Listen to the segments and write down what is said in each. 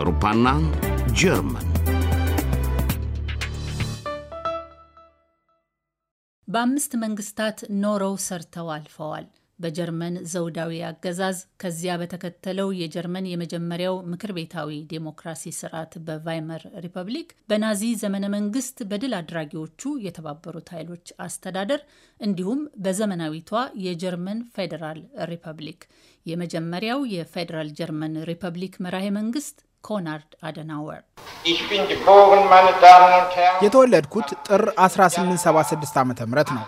አውሮፓና ጀርመን በአምስት መንግስታት ኖረው ሰርተው አልፈዋል። በጀርመን ዘውዳዊ አገዛዝ ከዚያ በተከተለው የጀርመን የመጀመሪያው ምክር ቤታዊ ዴሞክራሲ ስርዓት በቫይመር ሪፐብሊክ በናዚ ዘመነ መንግስት በድል አድራጊዎቹ የተባበሩት ኃይሎች አስተዳደር እንዲሁም በዘመናዊቷ የጀርመን ፌዴራል ሪፐብሊክ የመጀመሪያው የፌዴራል ጀርመን ሪፐብሊክ መራሄ መንግስት ኮናርድ አደናወር የተወለድኩት ጥር 1876 ዓ ም ነው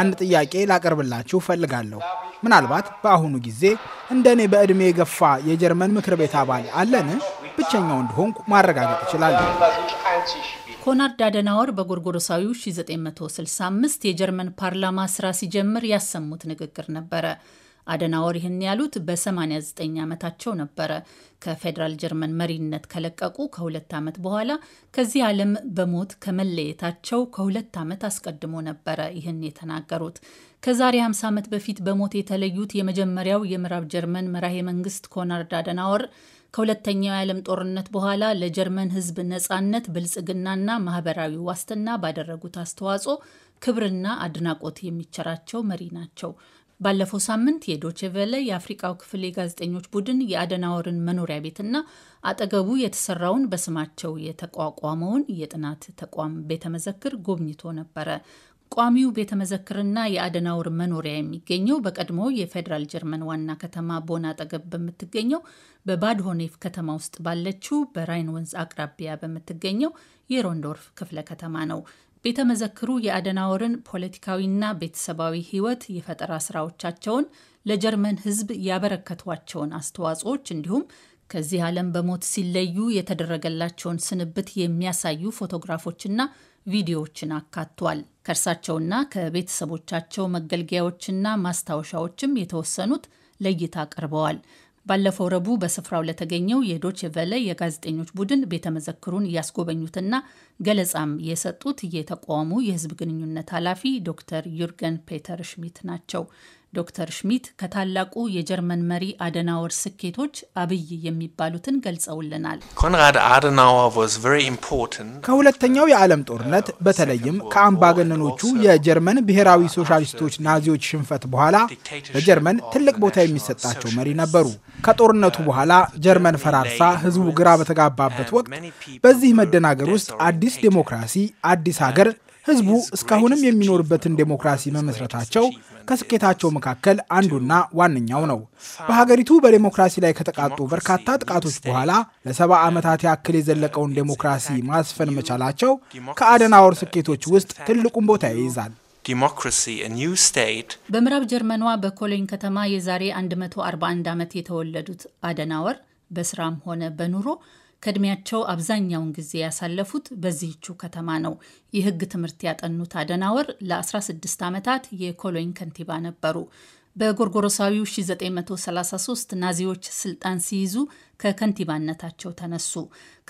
አንድ ጥያቄ ላቀርብላችሁ ፈልጋለሁ። ምናልባት በአሁኑ ጊዜ እንደ እኔ በዕድሜ የገፋ የጀርመን ምክር ቤት አባል አለን? ብቸኛው እንደሆንኩ ማረጋገጥ እችላለሁ። ኮናርድ አደናወር በጎርጎሮሳዊው 1965 የጀርመን ፓርላማ ስራ ሲጀምር ያሰሙት ንግግር ነበረ። አደናወር ይህን ያሉት በ89 ዓመታቸው ነበረ። ከፌዴራል ጀርመን መሪነት ከለቀቁ ከሁለት ዓመት በኋላ ከዚህ ዓለም በሞት ከመለየታቸው ከሁለት ዓመት አስቀድሞ ነበረ ይህን የተናገሩት። ከዛሬ 50 ዓመት በፊት በሞት የተለዩት የመጀመሪያው የምዕራብ ጀርመን መራሄ መንግስት ኮናርድ አደናወር ከሁለተኛው የዓለም ጦርነት በኋላ ለጀርመን ሕዝብ ነጻነት፣ ብልጽግናና ማህበራዊ ዋስትና ባደረጉት አስተዋጽኦ ክብርና አድናቆት የሚቸራቸው መሪ ናቸው። ባለፈው ሳምንት የዶችቬለ የአፍሪቃው ክፍል የጋዜጠኞች ቡድን የአደናወርን መኖሪያ ቤትና አጠገቡ የተሰራውን በስማቸው የተቋቋመውን የጥናት ተቋም ቤተመዘክር ጎብኝቶ ነበረ። ቋሚው ቤተመዘክርና የአደናውር መኖሪያ የሚገኘው በቀድሞ የፌዴራል ጀርመን ዋና ከተማ ቦን አጠገብ በምትገኘው በባድሆኔፍ ከተማ ውስጥ ባለችው በራይን ወንዝ አቅራቢያ በምትገኘው የሮንዶርፍ ክፍለ ከተማ ነው። ቤተ መዘክሩ የአደናወርን ፖለቲካዊና ቤተሰባዊ ህይወት የፈጠራ ስራዎቻቸውን፣ ለጀርመን ህዝብ ያበረከቷቸውን አስተዋጽዎች እንዲሁም ከዚህ ዓለም በሞት ሲለዩ የተደረገላቸውን ስንብት የሚያሳዩ ፎቶግራፎችና ቪዲዮዎችን አካቷል። ከእርሳቸውና ከቤተሰቦቻቸው መገልገያዎችና ማስታወሻዎችም የተወሰኑት ለእይታ ቀርበዋል። ባለፈው ረቡዕ በስፍራው ለተገኘው የዶች ቨለ የጋዜጠኞች ቡድን ቤተመዘክሩን እያስጎበኙትና ገለጻም የሰጡት የተቋሙ የህዝብ ግንኙነት ኃላፊ ዶክተር ዩርገን ፔተር ሽሚት ናቸው። ዶክተር ሽሚት ከታላቁ የጀርመን መሪ አደናወር ስኬቶች አብይ የሚባሉትን ገልጸውልናል። ከሁለተኛው የዓለም ጦርነት በተለይም ከአምባገነኖቹ የጀርመን ብሔራዊ ሶሻሊስቶች ናዚዎች ሽንፈት በኋላ በጀርመን ትልቅ ቦታ የሚሰጣቸው መሪ ነበሩ። ከጦርነቱ በኋላ ጀርመን ፈራርሳ ህዝቡ ግራ በተጋባበት ወቅት በዚህ መደናገር ውስጥ አዲስ ዴሞክራሲ፣ አዲስ ሀገር ህዝቡ እስካሁንም የሚኖርበትን ዴሞክራሲ መመስረታቸው ከስኬታቸው መካከል አንዱና ዋነኛው ነው። በሀገሪቱ በዴሞክራሲ ላይ ከተቃጡ በርካታ ጥቃቶች በኋላ ለሰባ ዓመታት ያክል የዘለቀውን ዴሞክራሲ ማስፈን መቻላቸው ከአደናወር ስኬቶች ውስጥ ትልቁን ቦታ ይይዛል። በምዕራብ ጀርመኗ በኮሎኝ ከተማ የዛሬ 141 ዓመት የተወለዱት አደናወር በስራም ሆነ በኑሮ ከእድሜያቸው አብዛኛውን ጊዜ ያሳለፉት በዚህቹ ከተማ ነው። የህግ ትምህርት ያጠኑት አደናወር ለ16 ዓመታት የኮሎኝ ከንቲባ ነበሩ። በጎርጎሮሳዊው 1933 ናዚዎች ስልጣን ሲይዙ ከከንቲባነታቸው ተነሱ።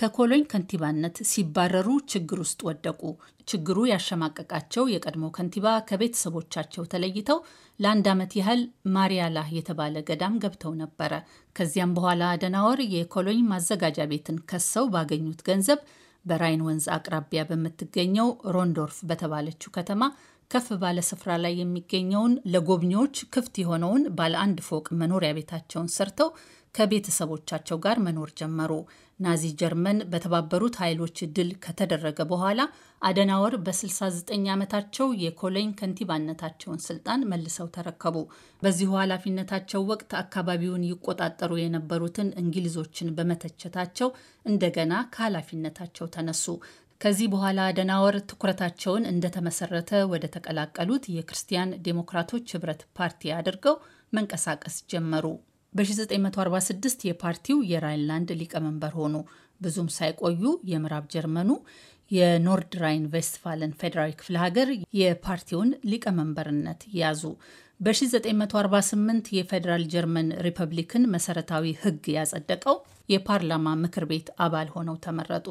ከኮሎኝ ከንቲባነት ሲባረሩ ችግር ውስጥ ወደቁ። ችግሩ ያሸማቀቃቸው የቀድሞ ከንቲባ ከቤተሰቦቻቸው ተለይተው ለአንድ ዓመት ያህል ማሪያላ የተባለ ገዳም ገብተው ነበረ። ከዚያም በኋላ አደናወር የኮሎኝ ማዘጋጃ ቤትን ከሰው ባገኙት ገንዘብ በራይን ወንዝ አቅራቢያ በምትገኘው ሮንዶርፍ በተባለችው ከተማ ከፍ ባለ ስፍራ ላይ የሚገኘውን ለጎብኚዎች ክፍት የሆነውን ባለ አንድ ፎቅ መኖሪያ ቤታቸውን ሰርተው ከቤተሰቦቻቸው ጋር መኖር ጀመሩ። ናዚ ጀርመን በተባበሩት ኃይሎች ድል ከተደረገ በኋላ አደናወር በ69 ዓመታቸው የኮሎኝ ከንቲባነታቸውን ስልጣን መልሰው ተረከቡ። በዚሁ ኃላፊነታቸው ወቅት አካባቢውን ይቆጣጠሩ የነበሩትን እንግሊዞችን በመተቸታቸው እንደገና ከኃላፊነታቸው ተነሱ። ከዚህ በኋላ ደናወር ትኩረታቸውን እንደተመሰረተ ወደ ተቀላቀሉት የክርስቲያን ዴሞክራቶች ህብረት ፓርቲ አድርገው መንቀሳቀስ ጀመሩ። በ1946 የፓርቲው የራይንላንድ ሊቀመንበር ሆኑ። ብዙም ሳይቆዩ የምዕራብ ጀርመኑ የኖርድ ራይን ቬስትፋለን ፌዴራል ክፍለ ሀገር የፓርቲውን ሊቀመንበርነት ያዙ። በ1948 የፌዴራል ጀርመን ሪፐብሊክን መሰረታዊ ሕግ ያጸደቀው የፓርላማ ምክር ቤት አባል ሆነው ተመረጡ።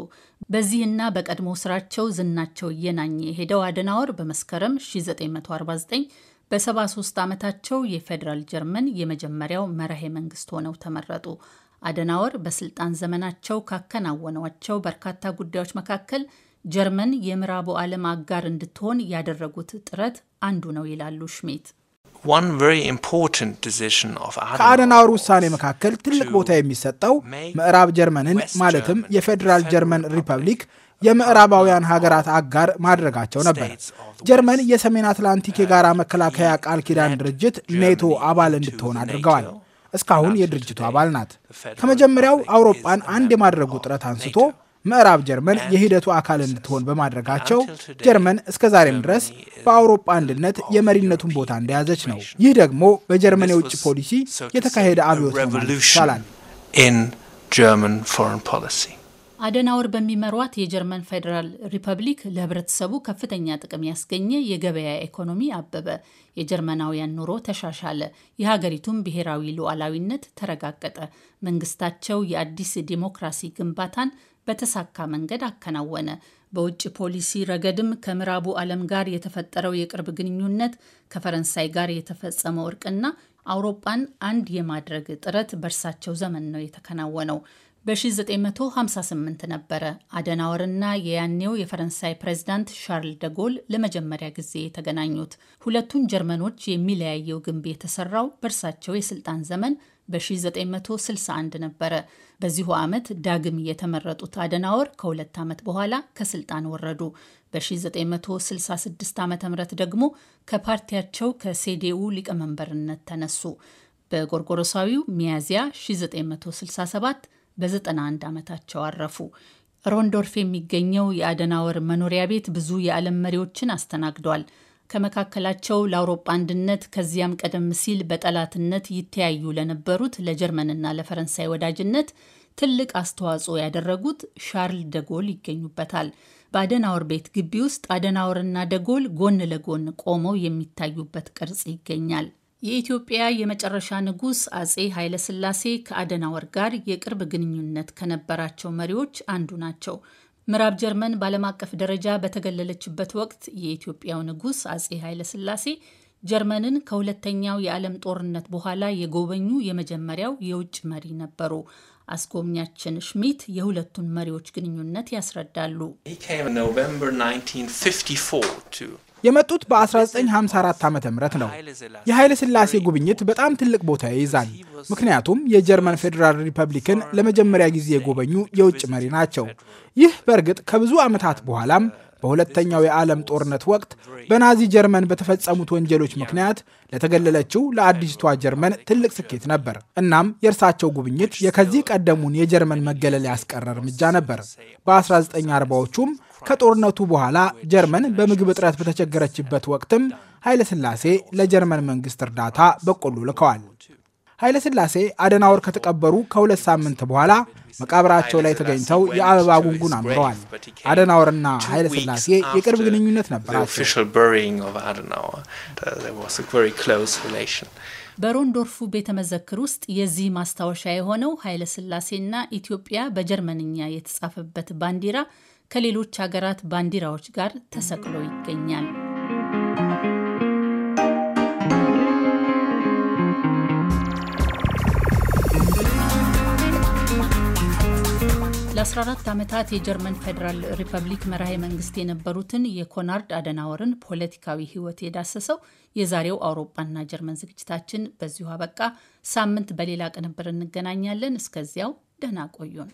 በዚህና በቀድሞ ስራቸው ዝናቸው እየናኘ የሄደው አደናወር በመስከረም 1949 በ73 ዓመታቸው የፌዴራል ጀርመን የመጀመሪያው መራሄ መንግስት ሆነው ተመረጡ። አደናወር በስልጣን ዘመናቸው ካከናወኗቸው በርካታ ጉዳዮች መካከል ጀርመን የምዕራቡ ዓለም አጋር እንድትሆን ያደረጉት ጥረት አንዱ ነው ይላሉ ሽሚት። ከአደናወር ውሳኔ መካከል ትልቅ ቦታ የሚሰጠው ምዕራብ ጀርመንን ማለትም የፌዴራል ጀርመን ሪፐብሊክ የምዕራባውያን ሀገራት አጋር ማድረጋቸው ነበር። ጀርመን የሰሜን አትላንቲክ የጋራ መከላከያ ቃል ኪዳን ድርጅት ኔቶ አባል እንድትሆን አድርገዋል። እስካሁን የድርጅቱ አባል ናት። ከመጀመሪያው አውሮፓን አንድ የማድረጉ ጥረት አንስቶ ምዕራብ ጀርመን የሂደቱ አካል እንድትሆን በማድረጋቸው ጀርመን እስከ ዛሬም ድረስ በአውሮፓ አንድነት የመሪነቱን ቦታ እንደያዘች ነው። ይህ ደግሞ በጀርመን የውጭ ፖሊሲ የተካሄደ አብዮት ነው ይቻላል። አደናወር በሚመሯት የጀርመን ፌዴራል ሪፐብሊክ ለህብረተሰቡ ከፍተኛ ጥቅም ያስገኘ የገበያ ኢኮኖሚ አበበ፣ የጀርመናውያን ኑሮ ተሻሻለ፣ የሀገሪቱም ብሔራዊ ሉዓላዊነት ተረጋገጠ። መንግስታቸው የአዲስ ዲሞክራሲ ግንባታን በተሳካ መንገድ አከናወነ። በውጭ ፖሊሲ ረገድም ከምዕራቡ ዓለም ጋር የተፈጠረው የቅርብ ግንኙነት ከፈረንሳይ ጋር የተፈጸመው እርቅና አውሮፓን አንድ የማድረግ ጥረት በእርሳቸው ዘመን ነው የተከናወነው። በ1958 ነበረ አደናወርና የያኔው የፈረንሳይ ፕሬዝዳንት ሻርል ደጎል ለመጀመሪያ ጊዜ የተገናኙት። ሁለቱን ጀርመኖች የሚለያየው ግንብ የተሰራው በእርሳቸው የስልጣን ዘመን በ1961 ነበረ። በዚሁ ዓመት ዳግም የተመረጡት አደናወር ከሁለት ዓመት በኋላ ከስልጣን ወረዱ። በ1966 ዓ ም ደግሞ ከፓርቲያቸው ከሴዴኡ ሊቀመንበርነት ተነሱ። በጎርጎሮሳዊው ሚያዚያ 1967 በ91 ዓመታቸው አረፉ። ሮንዶርፍ የሚገኘው የአደናወር መኖሪያ ቤት ብዙ የዓለም መሪዎችን አስተናግዷል። ከመካከላቸው ለአውሮፓ አንድነት ከዚያም ቀደም ሲል በጠላትነት ይተያዩ ለነበሩት ለጀርመንና ለፈረንሳይ ወዳጅነት ትልቅ አስተዋጽኦ ያደረጉት ሻርል ደጎል ይገኙበታል። በአደናወር ቤት ግቢ ውስጥ አደናወርና ደጎል ጎን ለጎን ቆመው የሚታዩበት ቅርጽ ይገኛል። የኢትዮጵያ የመጨረሻ ንጉሥ አጼ ኃይለሥላሴ ከአደናወር ጋር የቅርብ ግንኙነት ከነበራቸው መሪዎች አንዱ ናቸው። ምዕራብ ጀርመን በዓለም አቀፍ ደረጃ በተገለለችበት ወቅት የኢትዮጵያው ንጉሥ አጼ ኃይለሥላሴ ጀርመንን ከሁለተኛው የዓለም ጦርነት በኋላ የጎበኙ የመጀመሪያው የውጭ መሪ ነበሩ። አስጎብኛችን ሽሚት የሁለቱን መሪዎች ግንኙነት ያስረዳሉ። የመጡት በ1954 ዓ ም ነው። የኃይለ ሥላሴ ጉብኝት በጣም ትልቅ ቦታ ይይዛል። ምክንያቱም የጀርመን ፌዴራል ሪፐብሊክን ለመጀመሪያ ጊዜ የጎበኙ የውጭ መሪ ናቸው። ይህ በእርግጥ ከብዙ ዓመታት በኋላም በሁለተኛው የዓለም ጦርነት ወቅት በናዚ ጀርመን በተፈጸሙት ወንጀሎች ምክንያት ለተገለለችው ለአዲስቷ ጀርመን ትልቅ ስኬት ነበር። እናም የእርሳቸው ጉብኝት የከዚህ ቀደሙን የጀርመን መገለል ያስቀረ እርምጃ ነበር። በ1940ዎቹም ከጦርነቱ በኋላ ጀርመን በምግብ እጥረት በተቸገረችበት ወቅትም ኃይለሥላሴ ለጀርመን መንግሥት እርዳታ በቆሎ ልከዋል። ኃይለሥላሴ አደናወር ከተቀበሩ ከሁለት ሳምንት በኋላ መቃብራቸው ላይ ተገኝተው የአበባ ጉንጉን አኑረዋል። አደናወርና ኃይለ ስላሴ የቅርብ ግንኙነት ነበራቸው። uh, በሮንዶርፉ ቤተ መዘክር ውስጥ የዚህ ማስታወሻ የሆነው ኃይለ ሥላሴና ኢትዮጵያ በጀርመንኛ የተጻፈበት ባንዲራ ከሌሎች ሀገራት ባንዲራዎች ጋር ተሰቅሎ ይገኛል። 14 ዓመታት የጀርመን ፌዴራል ሪፐብሊክ መራሄ መንግስት የነበሩትን የኮናርድ አደናወርን ፖለቲካዊ ህይወት የዳሰሰው የዛሬው አውሮፓና ጀርመን ዝግጅታችን በዚሁ አበቃ። ሳምንት በሌላ ቅንብር እንገናኛለን። እስከዚያው ደህና ቆዩን።